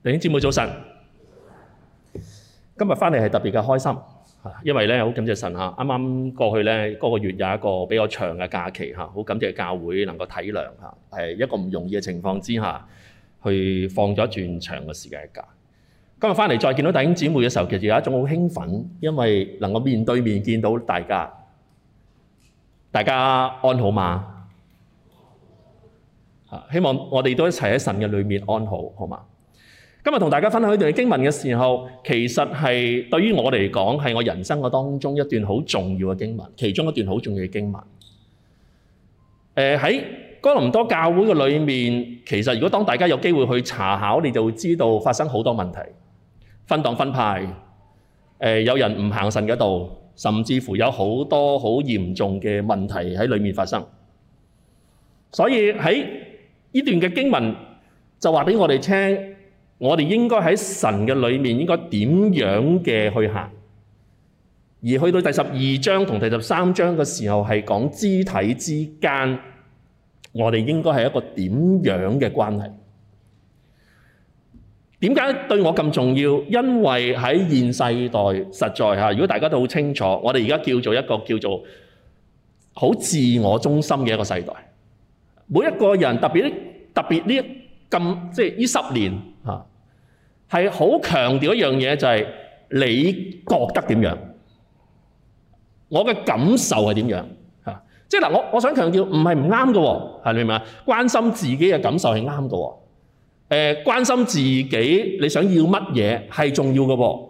弟兄姊妹早晨，今日返嚟係特別嘅開心，因為咧好感謝神嚇，啱啱過去咧嗰個月有一個比較長嘅假期嚇，好感謝教會能夠體諒嚇，係一個唔容易嘅情況之下去放咗一段長嘅時間假。今日返嚟再見到弟兄姊妹嘅時候，其實有一種好興奮，因為能夠面對面見到大家，大家安好嗎？嚇，希望我哋都一齊喺神嘅裏面安好，好嘛？今日同大家分享呢段經文嘅時候，其實係對於我嚟講係我人生嘅當中一段好重要嘅經文，其中一段好重要嘅經文。誒喺哥林多教會嘅裏面，其實如果當大家有機會去查考，你就會知道發生好多問題，分黨分派，誒有人唔行神嘅道，甚至乎有好多好嚴重嘅問題喺裏面發生。所以喺呢段嘅經文就話俾我哋聽。我哋應該喺神嘅裏面應該點樣嘅去行？而去到第十二章同第十三章嘅時候，係講肢體之間，我哋應該係一個點樣嘅關係？點解對我咁重要？因為喺現世代，實在如果大家都好清楚，我哋而家叫做一個叫做好自我中心嘅一個世代。每一個人特別呢特別呢咁即係呢十年。係好強調一樣嘢，就係、是、你覺得點樣？我嘅感受係點樣？嚇、就是，即嗱，我想強調唔係唔啱嘅喎，係你明唔明啊？關心自己嘅感受係啱嘅喎。誒、呃，關心自己你想要乜嘢係重要嘅噃。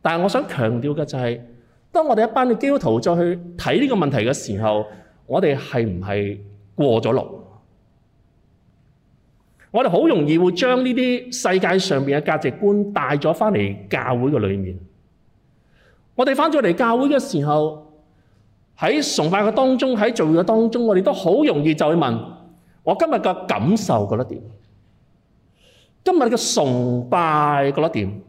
但係我想強調嘅就係、是，當我哋一班嘅基督徒再去睇呢個問題嘅時候，我哋係唔係過咗龍？我哋好容易會將呢啲世界上面嘅價值觀帶咗返嚟教會嘅裏面。我哋返咗嚟教會嘅時候，喺崇拜嘅當中，喺聚會嘅當中，我哋都好容易就會問我今日嘅感受覺得點？今日嘅崇拜覺得點？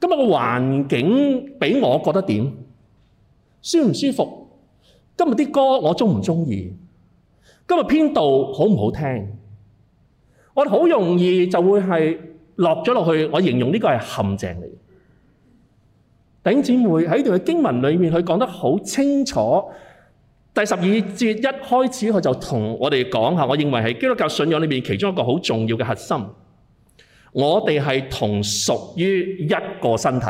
今日嘅環境俾我覺得點？舒唔舒服？今日啲歌我中唔中意？今日編導好唔好聽？我好容易就會係落咗落去，我形容呢個係陷阱嚟。弟兄姊妹，喺呢段經文裏面，佢講得好清楚。第十二節一開始，佢就同我哋講下，我認為係基督教信仰裏面其中一個好重要嘅核心。我哋係同屬於一個身體，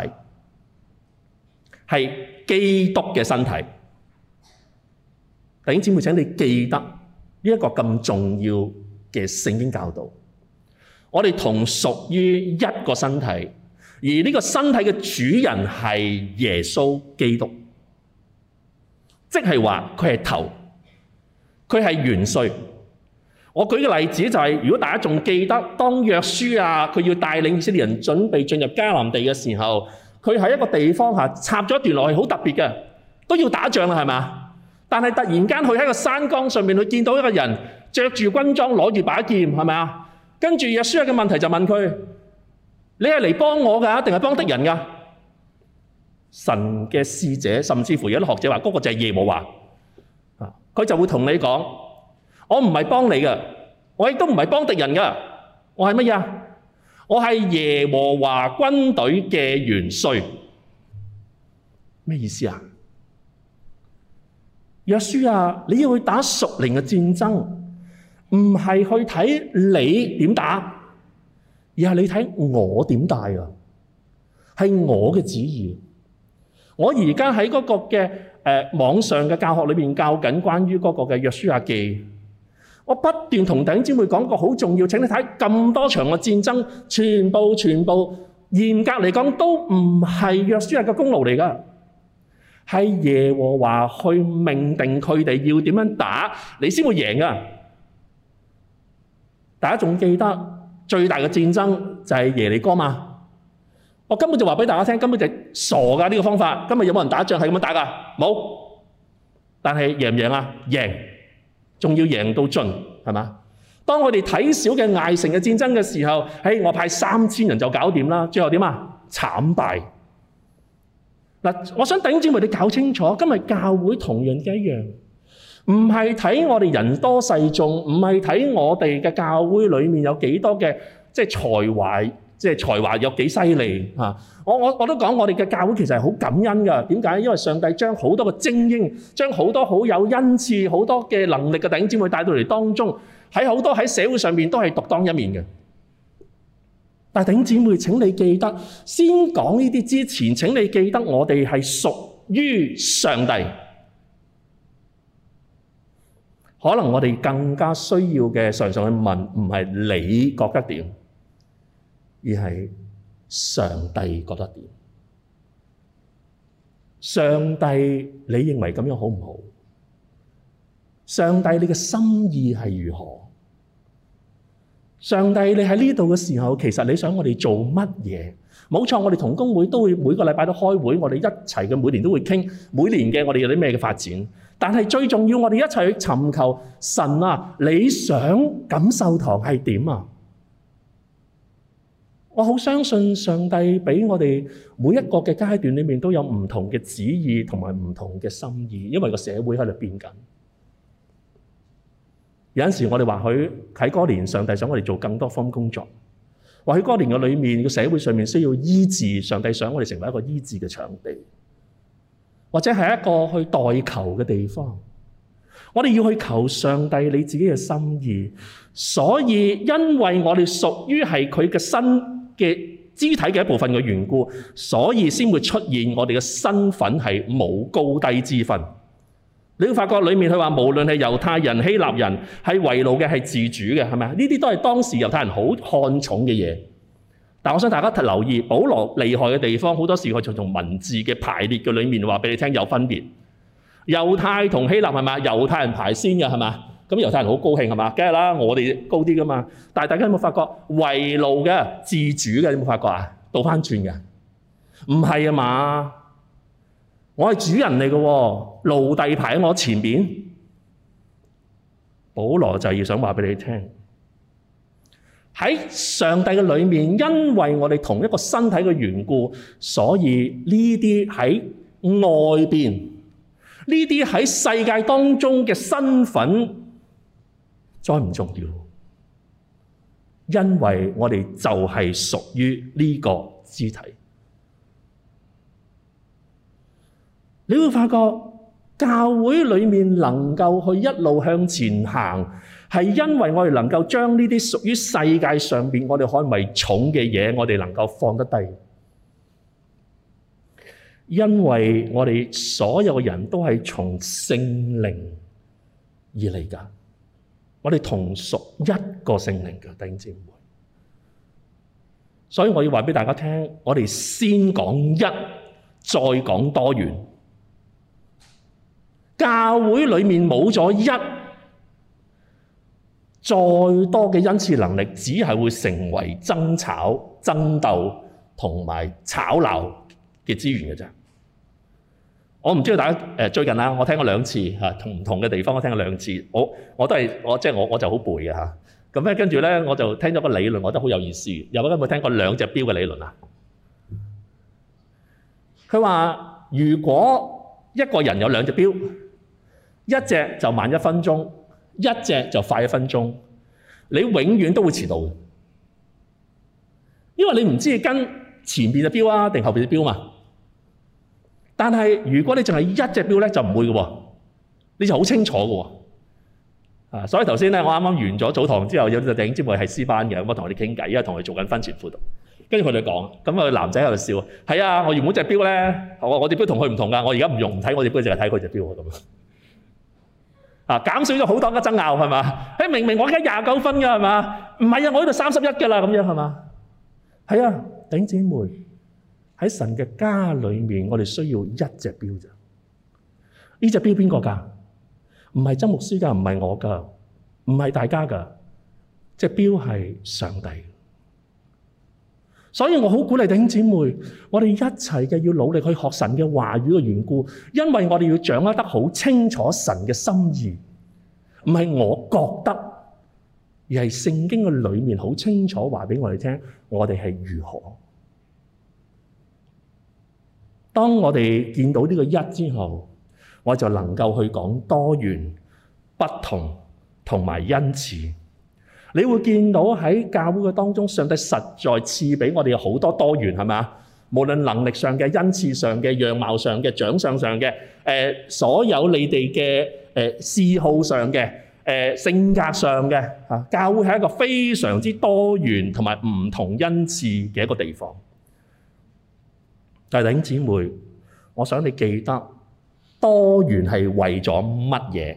係基督嘅身體。弟兄姊妹，請你記得呢一個咁重要嘅聖經教導，我哋同屬於一個身體，而呢個身體嘅主人係耶穌基督，即係話佢係頭，佢係元帥。我舉個例子就係，如果大家仲記得當約書亞，佢要帶領以色列人準備進入迦南地嘅時候，佢喺一個地方嚇插咗一段落去，好特別嘅，都要打仗啦，係嘛？但係突然間佢喺個山崗上面，佢見到一個人。着住軍裝，攞住把劍，係咪啊？跟住約書亞嘅問題就問佢：你係嚟幫我㗎，定係幫敵人㗎？神嘅使者，甚至乎有啲學者話嗰個就係耶和華。佢就會同你講：我唔係幫你嘅，我亦都唔係幫敵人㗎。我係乜嘢啊？我係耶和華軍隊嘅元帥。咩意思耶啊？約書亞，你要去打屬靈嘅戰爭。唔係去睇你點打，而係你睇我點帶點打啊！係我嘅旨意。我而家喺嗰個嘅、呃、網上嘅教學裏面教緊關於嗰個嘅約書亞記。我不斷同頂尖會講個好重要。請你睇咁多場嘅戰爭，全部全部嚴格嚟講都唔係約書亞嘅功勞嚟㗎，係耶和華去命定佢哋要點樣打，你先會贏㗎。大家仲記得最大嘅戰爭就係耶利哥嘛？我根本就話俾大家聽，根本就傻㗎呢、這個方法。今日有冇人打仗係咁樣打㗎？冇。但係贏唔贏啊？贏，仲要贏到盡係嘛？當我哋睇小嘅艾城嘅戰爭嘅時候，我派三千人就搞掂啦。最後點啊？慘敗。嗱，我想弟兄姊妹你搞清楚，今日教會同樣嘅一樣。唔係睇我哋人多勢眾，唔係睇我哋嘅教會裏面有幾多嘅即係才華，即係才華有幾犀利啊！我我我都講，我哋嘅教會其實係好感恩㗎。點解？因為上帝將好多嘅精英，將好多好有恩賜、好多嘅能力嘅弟兄姊妹帶到嚟當中，喺好多喺社會上面都係獨當一面嘅。但係弟兄姊妹，請你記得，先講呢啲之前，請你記得我哋係屬於上帝。可能我哋更加需要嘅，常常去問，唔係你覺得點，而係上帝覺得點。上帝，你認為咁樣好唔好？上帝，你嘅心意係如何？上帝，你喺呢度嘅時候，其實你想我哋做乜嘢？冇錯，我哋同工會都會每個禮拜都開會，我哋一齊嘅每年都會傾每年嘅我哋有啲咩嘅發展。但係最重要，我哋一齊去尋求神啊！你想錦繡堂係點啊？我好相信上帝俾我哋每一個嘅階段裏面都有唔同嘅旨意同埋唔同嘅心意，因為個社會喺度變緊。有陣時我哋或許喺嗰年，上帝想我哋做更多方工作。話或者喺嗰年嘅裏面，個社會上面需要醫治，上帝想我哋成為一個醫治嘅場地，或者係一個去代求嘅地方。我哋要去求上帝你自己嘅心意，所以因為我哋屬於係佢嘅身嘅肢體嘅一部分嘅緣故，所以先會出現我哋嘅身份係冇高低之分。你會發覺裡面佢話，無論係猶太人、希臘人，係為奴嘅，係自主嘅，係咪？呢啲都係當時猶太人好看重嘅嘢。但係我想大家留意，保羅厲害嘅地方，好多時佢就從文字嘅排列嘅裡面話俾你聽有分別。猶太同希臘係咪啊？猶太人先排先嘅係咪啊？咁猶太人好高興係嘛？梗係啦，我哋高啲㗎嘛。但大家有冇發覺為奴嘅、自主嘅，有冇發覺啊？倒翻轉嘅，唔係啊嘛？我係主人嚟嘅，奴隸排喺我前面，保羅就要想話俾你聽，喺上帝嘅裡面，因為我哋同一個身體嘅緣故，所以呢啲喺外邊，呢啲喺世界當中嘅身份再唔重要，因為我哋就係屬於呢個肢體。你會發覺教會裏面能夠去一路向前行，係因為我哋能夠將呢啲屬於世界上面我哋可能為重睇得好重嘅嘢，我哋能夠放得低。因為我哋所有人都係從聖靈而嚟㗎，我哋同屬一個聖靈嘅弟兄姊妹，所以我要話俾大家聽，我哋先講一，再講多元。教會裏面冇咗一，再多嘅恩賜能力，只係會成為爭吵、爭鬥同埋吵鬧嘅資源。我唔知道大家最近啦，我聽過兩次嚇，同唔同嘅地方我聽過兩次，我我都係我即係、就是、我，我就好背嘅嚇。咁、啊、跟住咧，我就聽咗個理論，我覺得好有意思。有冇聽過兩隻表嘅理論啊？佢話如果一個人有兩隻表。一隻就慢一分鐘，一隻就快一分鐘，你永遠都會遲到嘅，因為你唔知跟前面嘅表啊定後邊嘅表嘛。但係如果你淨係一隻表咧，就唔會嘅喎、啊，你就好清楚嘅喎、啊。啊，所以頭先咧，我啱啱完咗早堂之後，有啲弟兄姊妹係詩班嘅，咁我同佢哋傾偈，因為同佢做緊婚前輔導，跟住佢哋講，咁啊男仔喺度笑，係啊，我原本隻表咧，我我隻表同佢唔同㗎，我而家唔用唔睇我隻表，淨係睇佢隻表咁啊，減少咗好多嘅爭拗係嘛？誒，明明我依家廿九分㗎係嘛？唔係啊，我呢度三十一㗎啦咁樣係嘛？係啊，頂姊妹喺神嘅家裏面，我哋需要一隻錶啫。呢隻錶邊個㗎？唔係周牧師㗎，唔係我㗎，唔係大家㗎。即係錶係上帝。所以我好鼓勵弟兄姐妹，我哋一齊嘅要努力去學神嘅話語嘅緣故，因為我哋要掌握得好清楚神嘅心意，唔係我覺得，而係聖經嘅裏面好清楚話俾我哋聽，我哋係如何。當我哋見到呢個一之後，我就能夠去講多元、不同同埋恩賜。你會見到喺教會嘅當中，上帝實在賜俾我哋好多多元，係咪啊？無論能力上嘅、恩賜上嘅、樣貌上嘅、長相上嘅、誒、呃，所有你哋嘅誒嗜好上嘅、誒、呃、性格上嘅，吓教會係一個非常之多元同埋唔同恩賜嘅一個地方。但係弟兄姊妹，我想你記得多元係為咗乜嘢？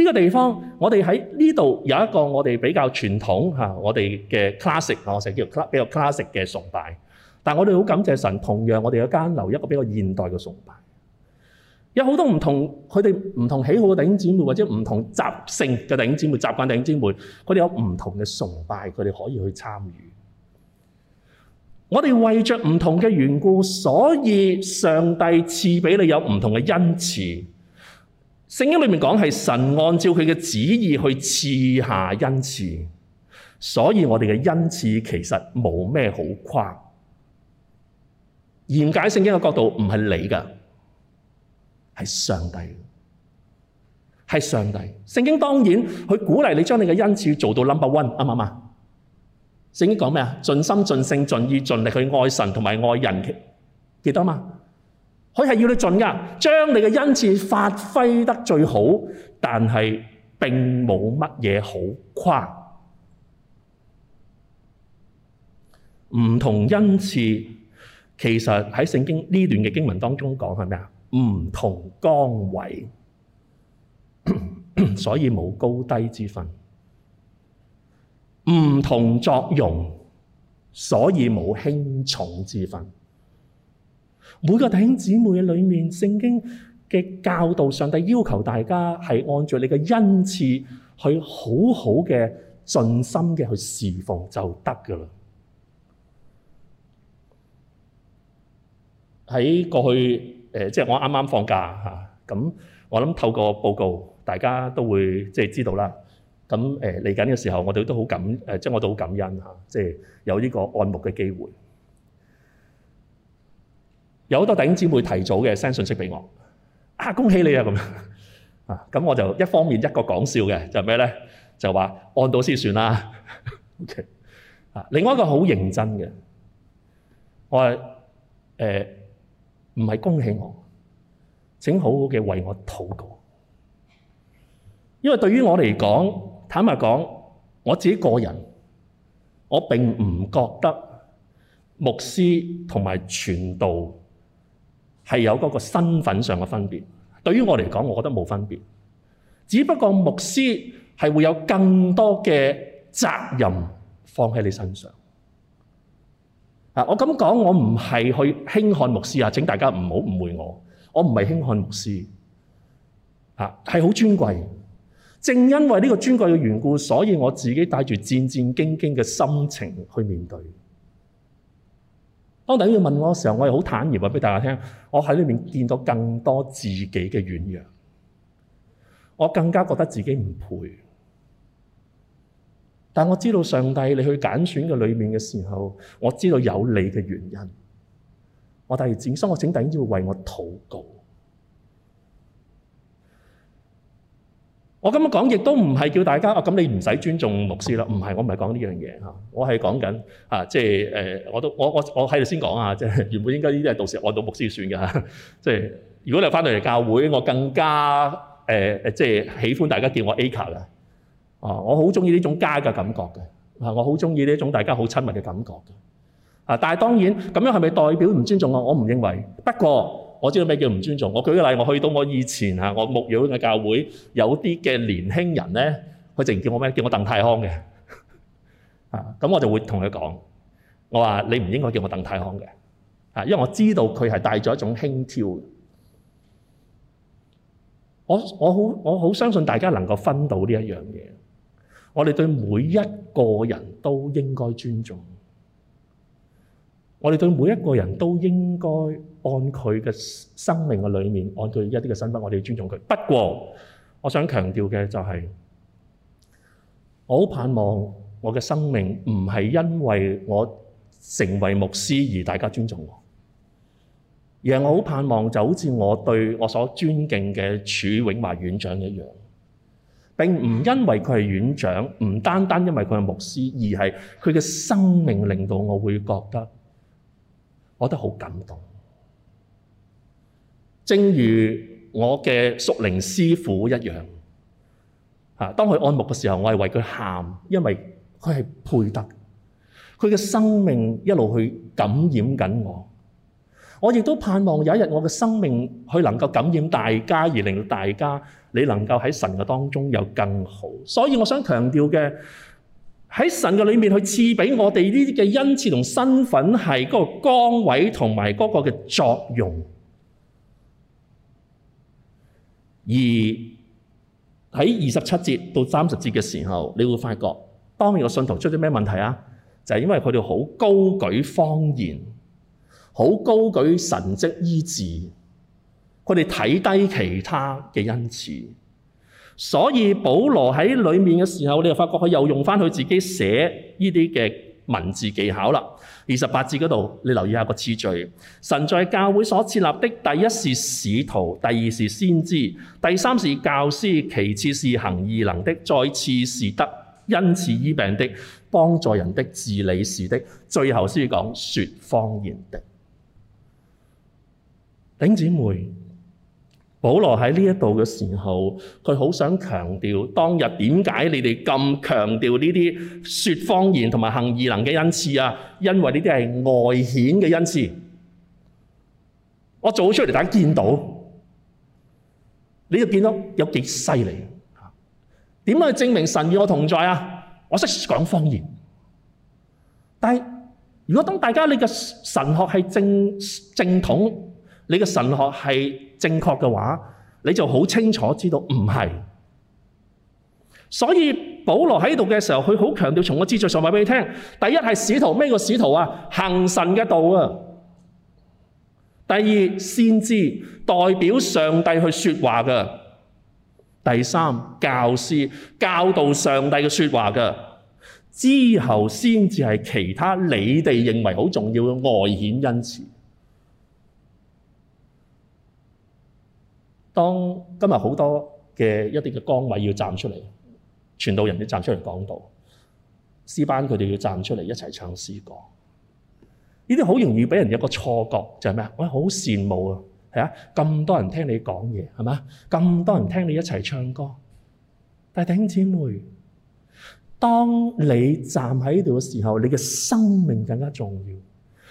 呢個地方，我哋喺呢度有一個我哋比較傳統吓、啊，我哋嘅 classic，我成日叫比較 classic 嘅崇拜。但係我哋好感謝神，同樣我哋嘅間留一個比較現代嘅崇拜。有好多唔同，佢哋唔同喜好嘅弟兄姊妹，或者唔同習性嘅弟兄姊妹，習慣弟兄姊妹，佢哋有唔同嘅崇拜，佢哋可以去參與。我哋為着唔同嘅緣故，所以上帝賜俾你有唔同嘅恩賜。聖經裏面講係神按照佢嘅旨意去賜下恩賜，所以我哋嘅恩賜其實冇咩好誇。嚴解聖經嘅角度唔係你噶，係上帝，係上帝。聖經當然佢鼓勵你將你嘅恩賜做到 number one，啱唔啱啊？聖經講咩啊？盡心、盡性、盡意、盡力去愛神同埋愛人嘅，記得嘛？我係要你盡噶，將你嘅恩賜發揮得最好，但係並冇乜嘢好誇。唔同恩賜，其實喺聖經呢段嘅經文當中講係咩啊？唔同崗位， 所以冇高低之分；唔同作用，所以冇輕重之分。每個弟兄姊妹嘅裏面，聖經嘅教導，上帝要求大家係按照你嘅恩賜去好好嘅盡心嘅去侍奉就得噶啦。喺過去誒，即係我啱啱放假嚇，咁我諗透過報告，大家都會即係知道啦。咁誒嚟緊嘅時候，我哋都好感誒，即係我都好感恩嚇，即係有呢個按牧嘅機會。有好多弟兄姊妹提早嘅 send 信息俾我，啊恭喜你啊咁樣啊，咁我就一方面一個講笑嘅就咩呢，就話按到先算啦。O.K. 啊，另外一個好認真嘅，我話誒唔係恭喜我，請好好嘅為我禱告，因為對於我嚟講，坦白講我自己個人，我並唔覺得牧師同埋傳道。係有嗰個身份上嘅分別，對於我嚟講，我覺得冇分別。只不過牧師係會有更多嘅責任放喺你身上。啊，我咁講，我唔係去輕看牧師啊！請大家唔好誤會我，我唔係輕看牧師啊，係好尊貴。正因為呢個尊貴嘅緣故，所以我自己帶住戰戰兢兢嘅心情去面對。當大家問我嘅時候，我又好坦然話俾大家聽，我喺裏面見到更多自己嘅軟弱，我更加覺得自己唔配。但我知道上帝你去揀選嘅裏面嘅時候，我知道有你嘅原因。我第二次，所以我請大家為我禱告。我咁樣講亦都唔係叫大家哦，咁、啊、你唔使尊重牧師啦，唔係，我唔係講呢樣嘢嚇，我係講緊嚇，即係誒，我都我我我喺度先講啊，即係、呃啊、原本應該呢啲係到時按到牧師算㗎嚇、啊，即係如果你返到嚟教會，我更加誒誒、呃，即係喜歡大家叫我 A 卡啦，哦、啊，我好中意呢種家嘅感覺嘅，啊，我好中意呢種大家好親密嘅感覺嘅，啊，但係當然咁樣係咪代表唔尊重我？我唔認為，不過。我知道咩叫唔尊重。我舉個例子，我去到我以前嚇我牧養嘅教會，有啲嘅年輕人咧，佢淨叫我咩？叫我鄧泰康嘅。 啊，咁我就會同佢講，我話你唔應該叫我鄧泰康嘅。啊，因為我知道佢係帶咗一種輕佻。我我好我好相信大家能夠分到呢一樣嘢。我哋對每一個人都應該尊重。我哋對每一個人都應該按佢嘅生命嘅裏面，按佢一啲嘅身份，我哋要尊重佢。不過，我想強調嘅就係、是，我好盼望我嘅生命唔係因為我成為牧師而大家尊重我，而我好盼望就好似我對我所尊敬嘅褚永華院長一樣，並唔因為佢係院長，唔單單因為佢係牧師，而係佢嘅生命令到我會覺得。我都好感動，正如我嘅淑玲師傅一樣。啊，當佢按牧嘅時候，我係為佢喊，因為佢係配得，佢嘅生命一路去感染緊我。我亦都盼望有一日我嘅生命去能夠感染大家，而令到大家你能夠喺神嘅當中有更好。所以我想強調嘅。喺神嘅裏面去賜俾我哋呢啲嘅恩賜同身份係嗰個崗位同埋嗰個嘅作用。而喺二十七節到三十節嘅時候，你會發覺，當個信徒出咗咩問題啊？就係、是、因為佢哋好高舉方言，好高舉神跡醫治，佢哋睇低其他嘅恩賜。所以保羅喺裏面嘅時候，你就發覺佢又用返佢自己寫依啲嘅文字技巧啦。二十八字嗰度，你留意下個次序：神在教會所設立的，第一是使徒，第二是先知，第三是教師，其次是行異能的，再次是得恩賜醫病的，幫助人的，治理事的，最後先講説方言的。弟兄姊妹。保羅喺呢度嘅時候，佢好想強調當日點解你哋咁強調呢啲說方言同埋行異能嘅恩賜啊？因為呢啲係外顯嘅恩賜，我做出嚟，大家見到你就見到有幾犀利啊！點樣證明神與我同在啊？我識講方言，但係如果當大家你嘅神學係正正統。你嘅神學係正確嘅話，你就好清楚知道唔係。所以保羅喺度嘅時候，佢好強調從我次序上話俾你聽。第一係使徒，咩叫使徒啊？行神嘅道啊。第二，先知代表上帝去説話嘅。第三，教師教導上帝嘅説話嘅。之後先至係其他你哋認為好重要嘅外顯恩賜。當今日好多嘅一啲嘅崗位要站出嚟，傳道人要站出嚟講道，詩班佢哋要站出嚟一齊唱詩歌，呢啲好容易俾人一個錯覺，就係咩？我好羨慕啊，係啊，咁多人聽你講嘢係嘛？咁多人聽你一齊唱歌。但係弟兄姊妹，當你站喺度嘅時候，你嘅生命更加重要。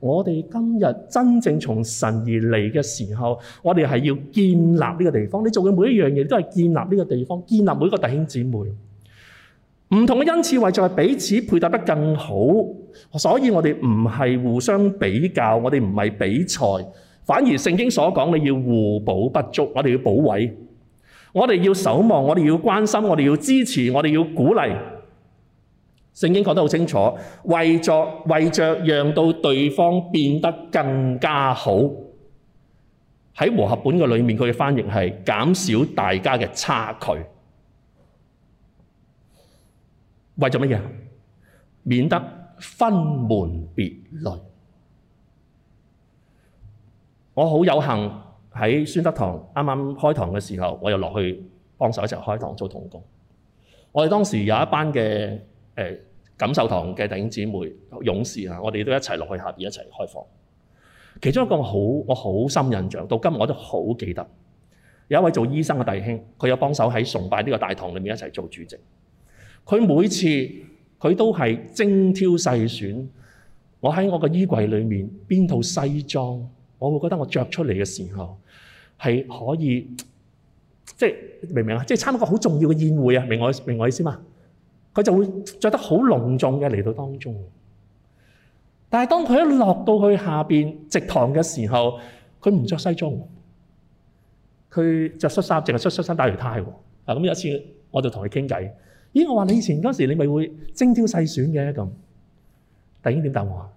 我哋今日真正從神而嚟嘅時候，我哋係要建立呢個地方。你做嘅每一樣嘢都係建立呢個地方，建立每一個弟兄姊妹。唔同嘅恩賜為在彼此配搭得更好，所以我哋唔係互相比較，我哋唔係比賽，反而聖經所講你要互補不足，我哋要補位，我哋要守望，我哋要關心，我哋要支持，我哋要鼓勵。聖經講得好清楚，為著為著，讓到對方變得更加好。喺和合本嘅裏面，佢嘅翻譯係減少大家嘅差距。為咗乜嘢？免得分門別類。我好有幸喺宣德堂啱啱開堂嘅時候，我又落去幫手一齊開堂做同工。我哋當時有一班嘅。誒，錦秀堂嘅弟兄姊妹、勇士啊，我哋都一齊落去下邊一齊開放。其中一個好，我好深印象，到今日我都好記得。有一位做醫生嘅弟兄，佢有幫手喺崇拜呢個大堂裏面一齊做主席。佢每次佢都係精挑細選。我喺我個衣櫃裏面邊套西裝，我會覺得我着出嚟嘅時候係可以，即係明唔明啊？即係參加一個好重要嘅宴會啊！明我明我意思嘛？佢就會著得好隆重嘅嚟到當中，但係當佢一落到去下面直堂嘅時候，佢唔著西裝，佢著恤衫，淨係著恤衫打條呔。咁有一次我就同佢傾偈，咦，我話你以前嗰時候你咪會精挑細選嘅咁，突然點答我？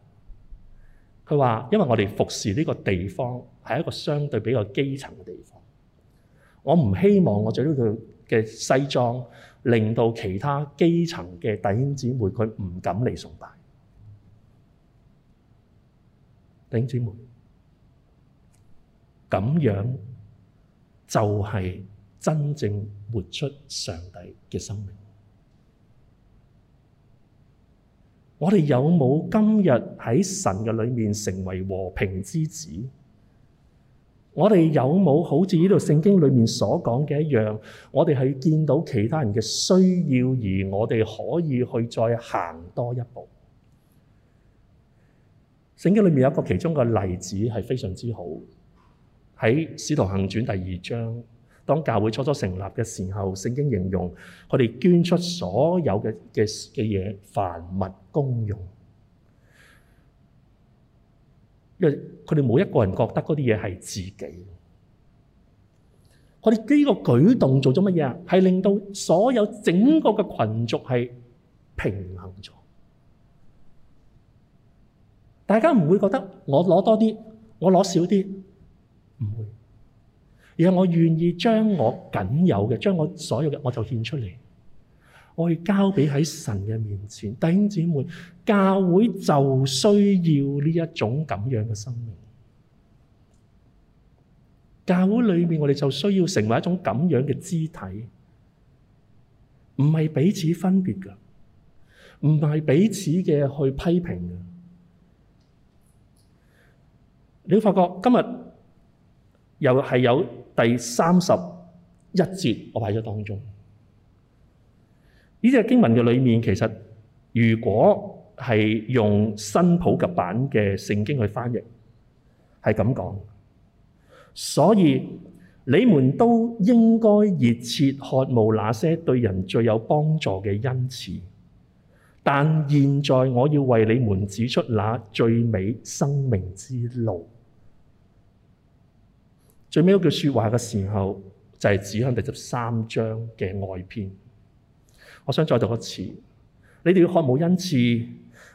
佢話因為我哋服侍呢個地方係一個相對比較基層嘅地方，我唔希望我著呢套嘅西裝。令到其他基層嘅弟兄姊妹佢唔敢嚟崇拜，弟兄姊妹，咁樣就係真正活出上帝嘅生命。我哋有冇今日喺神嘅裏面成為和平之子？我哋有冇好似呢度聖經裏面所講嘅一樣？我哋係見到其他人嘅需要，而我哋可以去再行多一步。聖經裏面有一個其中嘅例子係非常之好，喺《使徒行傳》第二章，當教會初初成立嘅時候，聖經形容佢哋捐出所有嘅嘅嘅嘢，凡物公用。因為佢哋冇一個人覺得嗰啲嘢係自己嘅，我哋呢個舉動做咗乜嘢啊？係令到所有整個嘅群族係平衡咗。大家唔會覺得我攞多啲，我攞少啲，唔會。而係我願意將我僅有嘅，將我所有嘅，我就獻出嚟。我哋交俾喺神嘅面前，弟兄姊妹，教會就需要呢一種咁樣嘅生命。教會裏面，我哋就需要成為一種咁樣嘅肢體，唔係彼此分別㗎，唔係彼此嘅去批評嘅。你會發覺今日又係有第三十一節，我排咗當中。呢啲喺經文嘅裏面，其實如果係用新普及版嘅聖經去翻譯，係咁講。所以你們都應該熱切渴望那些對人最有幫助嘅恩賜。但現在我要為你們指出那最美生命之路。最尾一句說話嘅時候，就係、是、指向第十三章嘅外篇。我想再讀一次，你哋要渴慕恩賜，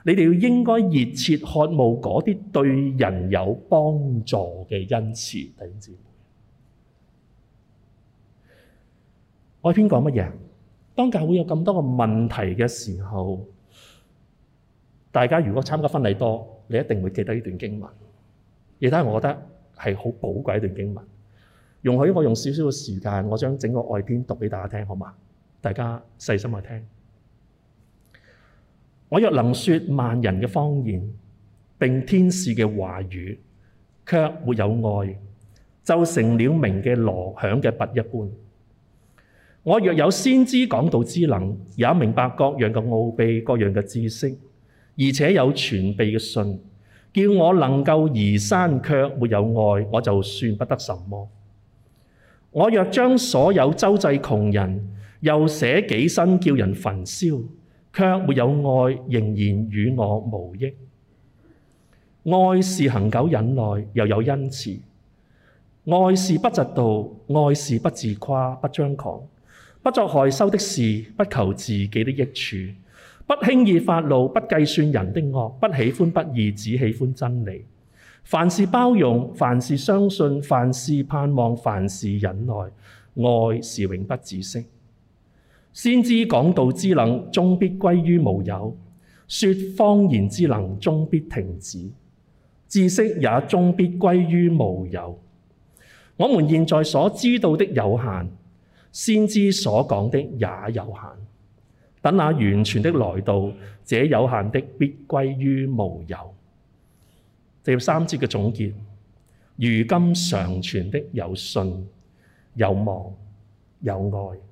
你哋要應該熱切渴慕嗰啲對人有幫助嘅恩賜。弟兄姊妹，愛篇講乜嘢？當教會有咁多嘅問題嘅時候，大家如果參加婚禮多，你一定會記得呢段經文。亦都係我覺得係好寶貴一段經文。容許我用少少嘅時間，我將整個愛篇讀俾大家聽，好嘛？大家細心去聽。我若能説萬人嘅方言，並天使嘅話語，卻沒有愛，就成了鳴嘅鑼響嘅鈸一般。我若有先知講道之能，也明白各樣嘅奧秘，各樣嘅知識，而且有全備嘅信，叫我能夠移山，卻沒有愛，我就算不得什麼。我若將所有周濟窮人，又捨己身叫人焚燒，卻沒有愛，仍然與我無益。愛是恆久忍耐，又有恩慈；愛是不嫉妒，愛是不自誇、不張狂，不做害羞的事，不求自己的益處，不輕易發怒，不計算人的惡，不喜歡不義，只喜歡真理。凡事包容，凡事相信，凡事盼望，凡事忍耐。愛是永不止息。先知講道之能，終必歸於無有；説方言之能，終必停止；知識也終必歸於無有。我們現在所知道的有限，先知所講的也有限。等那完全的來到，這有限的必歸於無有。第三節嘅總結：如今常存的有信、有望、有愛。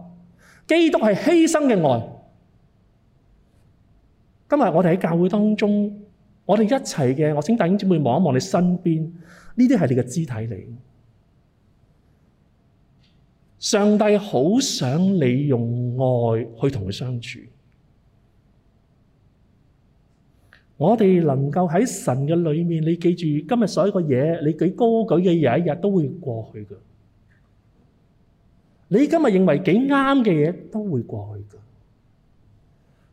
基督係犧牲嘅愛。今日我哋喺教會當中，我哋一齊嘅，我請弟兄姊妹望一望你身邊，呢啲係你嘅肢體嚟。上帝好想你用愛去同佢相處。我哋能夠喺神嘅裏面，你記住今日所有嘅嘢，你舉高舉嘅嘢，一日都會過去嘅。你今日認為幾啱嘅嘢都會過去㗎，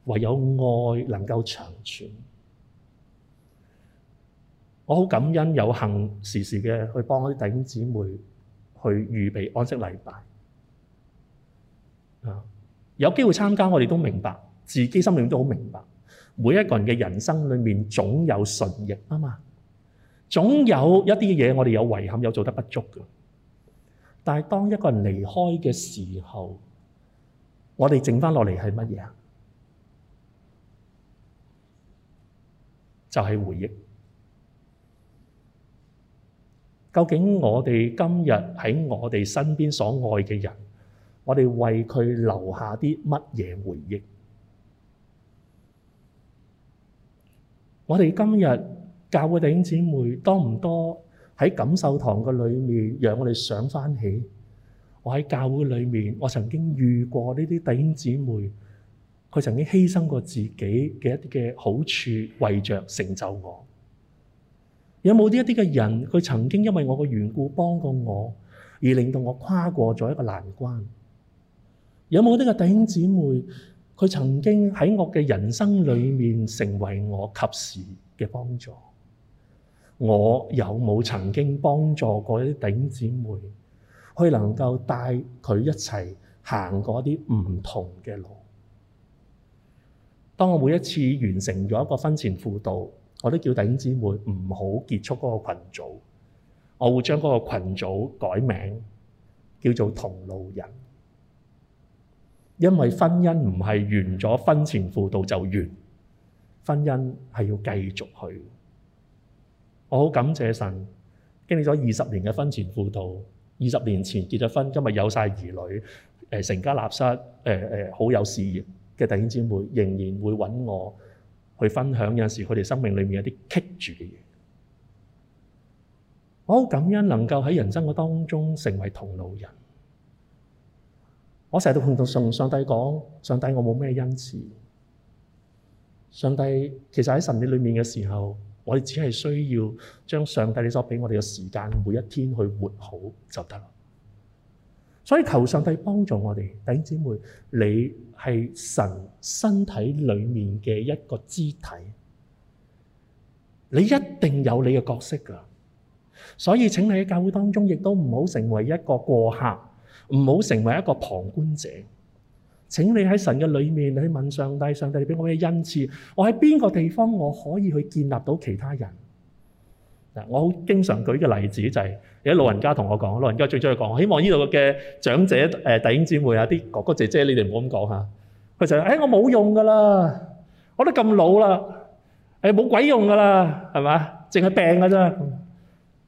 唯有愛能夠長存。我好感恩有幸時時嘅去幫啲弟兄姊妹去預備安息禮拜啊！有機會參加，我哋都明白自己心裏都好明白，每一個人嘅人生裏面總有順逆啊嘛，總有一啲嘢我哋有遺憾，有做得不足嘅。但係當一個人離開嘅時候，我哋剩返落嚟係乜嘢啊？就係回憶。究竟我哋今日喺我哋身邊所愛嘅人，我哋為佢留下啲乜嘢回憶？我哋今日教會嘅弟兄姊妹多唔多？喺感受堂嘅裏面，讓我哋想返起我喺教會裏面，我曾經遇過呢啲弟兄姊妹，佢曾經犧牲過自己嘅一啲嘅好處，為着成就我。有冇呢一啲嘅人，佢曾經因為我嘅緣故幫過我，而令到我跨過咗一個難關？有冇呢個弟兄姊妹，佢曾經喺我嘅人生裡面成為我及時嘅幫助？我有冇曾經幫助過啲弟姊妹，去能夠帶佢一齊行過一啲唔同嘅路？當我每一次完成咗一個婚前輔導，我都叫弟姊妹唔好結束嗰個群組，我會將嗰個群組改名叫做同路人，因為婚姻唔係完咗婚前輔導就完，婚姻係要繼續去。我好感謝神，經歷咗二十年嘅婚前輔導，二十年前結咗婚，今日有晒兒女、呃，成家立室，呃呃、好有事業嘅弟兄姊妹，仍然會揾我去分享有陣時佢哋生命裏面一啲棘住嘅嘢。我好感恩能夠喺人生嘅當中成為同路人。我成日都碰到上帝講，上帝，我冇咩恩賜。上帝其實喺神業裏面嘅時候。我哋只係需要將上帝你所俾我哋嘅時間，每一天去活好就得咯。所以求上帝幫助我哋，弟兄姊妹，你係神身體裏面嘅一個肢體，你一定有你嘅角色㗎。所以請你喺教會當中，亦都唔好成為一個過客，唔好成為一個旁觀者。請你喺神嘅裏面，你去問上帝，上帝你俾我咩恩賜？我喺邊個地方我可以去建立到其他人嗱？我好經常舉嘅例子就係、是、有啲老人家同我講，老人家最中意講，我希望呢度嘅長者誒、呃、弟兄姊妹啊，啲哥哥姐姐，你哋唔好咁講吓。佢就係誒我冇用噶啦，我都咁老啦，誒、哎、冇鬼用噶啦，係嘛？淨係病噶啫。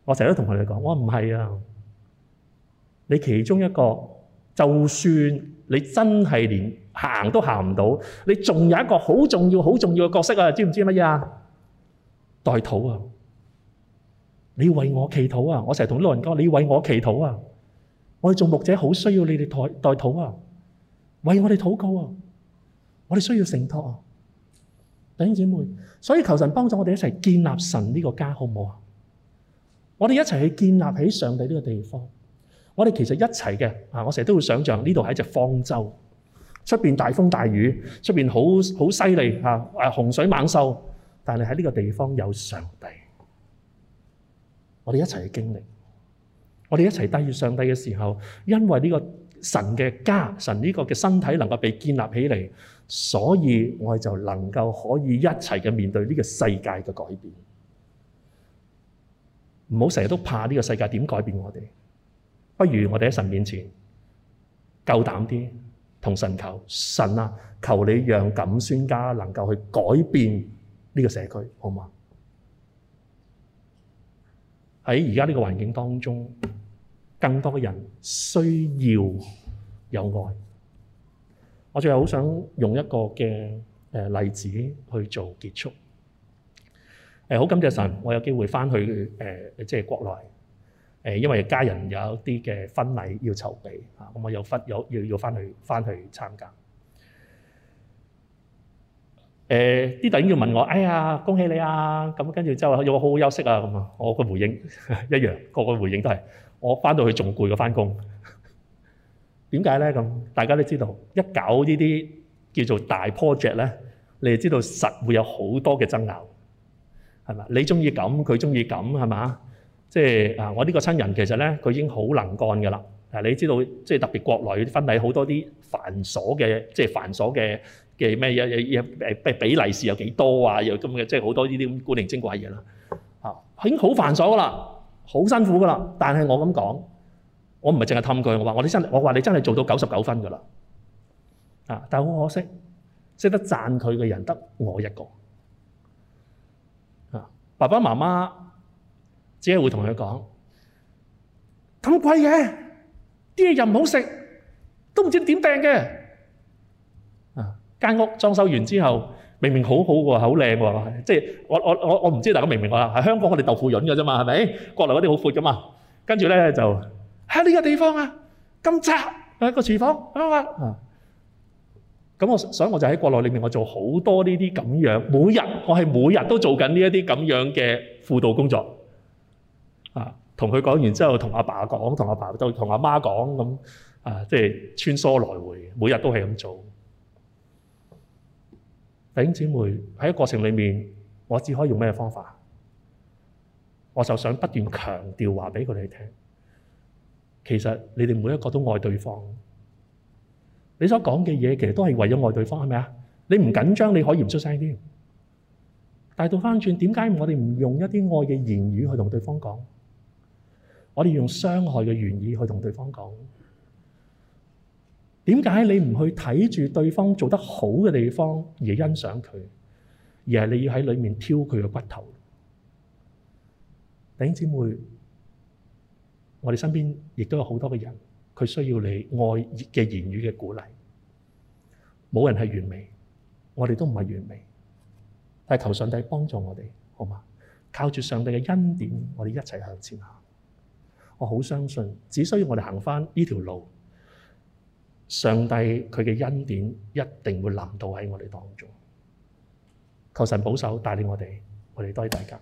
我成日都同佢哋講，我唔係啊。你其中一個就算。你真係連行都行唔到，你仲有一個好重要、好重要嘅角色啊！知唔知乜嘢呀？代禱啊！你要為我祈禱啊！我成日同老人家講，你要為我祈禱啊！我哋做牧者好需要你哋代代禱啊！為我哋禱告啊！我哋需要承托啊！弟兄姐妹，所以求神幫助我哋一齊建立神呢個家，好唔好啊？我哋一齊去建立起上帝呢個地方。我哋其實一齊嘅啊，我成日都會想象呢度係一隻方舟，出邊大風大雨，出邊好好犀利啊！洪水猛獸，但係喺呢個地方有上帝，我哋一齊去經歷，我哋一齊答應上帝嘅時候，因為呢個神嘅家，神呢個嘅身體能夠被建立起嚟，所以我哋就能夠可以一齊嘅面對呢個世界嘅改變。唔好成日都怕呢個世界點改變我哋。不如我哋喺神面前夠膽啲，同神求神啊，求你讓咁孫家能夠去改變呢個社區，好嗎？喺而家呢個環境當中，更多嘅人需要有愛。我最後好想用一個嘅例子去做結束。好感謝神，我有機會返去誒、呃，即係國內。誒，因為家人有啲嘅婚禮要籌備，嚇，咁我有翻有要要翻去翻去參加。誒，啲突然要問我，哎呀，恭喜你啊！咁跟住之後又話好好休息啊，咁啊，我個回應一樣，個個回應都係我翻到去仲攰過翻工。點解咧？咁大家都知道，一搞呢啲叫做大 project 咧，你就知道實會有好多嘅爭拗，係嘛？你中意咁，佢中意咁，係嘛？即係啊！我呢個親人其實咧，佢已經好能幹㗎啦。誒，你知道即係特別國內啲婚禮好多啲繁瑣嘅，即係繁瑣嘅嘅咩嘢嘢誒？俾利是有幾多啊？又咁嘅，即係好多呢啲咁古靈精怪嘢啦。嚇，啊，已經好繁瑣㗎啦，好辛苦㗎啦。但係我咁講，我唔係淨係氹佢。我話，我啲真，我話你真係做到九十九分㗎啦。啊！但係好可惜，識得讚佢嘅人得我一個。啊，爸爸媽媽。只係會同佢講咁貴嘅，啲嘢又唔好食，都唔知點訂嘅。啊，間屋裝修完之後，明明好好喎，好靚喎，即係我我我我唔知大家明唔明我啦？係香港我哋豆腐潤嘅啫嘛，係咪？國內嗰啲好闊嘅嘛。跟住咧就喺呢個地方啊，咁窄，一個廚房，咁啊，咁我所以我就喺國內裡面，我做好多呢啲咁樣，每日我係每日都做緊呢一啲咁樣嘅輔導工作。同佢講完之後，同阿爸講，同阿爸都同阿媽講咁，啊，即係穿梭來回，每日都係咁做。弟兄姐妹喺過程裏面，我只可以用咩方法？我就想不斷強調話俾佢哋聽，其實你哋每一個都愛對方。你所講嘅嘢其實都係為咗愛對方，係咪啊？你唔緊張，你可以唔出聲啲。但係倒翻轉，點解我哋唔用一啲愛嘅言語去同對方講？我哋用傷害嘅原意去同對方講，點解你唔去睇住對方做得好嘅地方而欣賞佢，而係你要喺裏面挑佢嘅骨頭？嗯、弟兄姊妹，我哋身邊亦都有好多嘅人，佢需要你愛嘅言語嘅鼓勵。冇人係完美，我哋都唔係完美，但係求上帝幫助我哋，好嘛？靠住上帝嘅恩典，我哋一齊向前行。我好相信，只需要我哋行返呢條路，上帝佢嘅恩典一定會臨到喺我哋當中。求神保守帶領我哋，我哋多謝大家。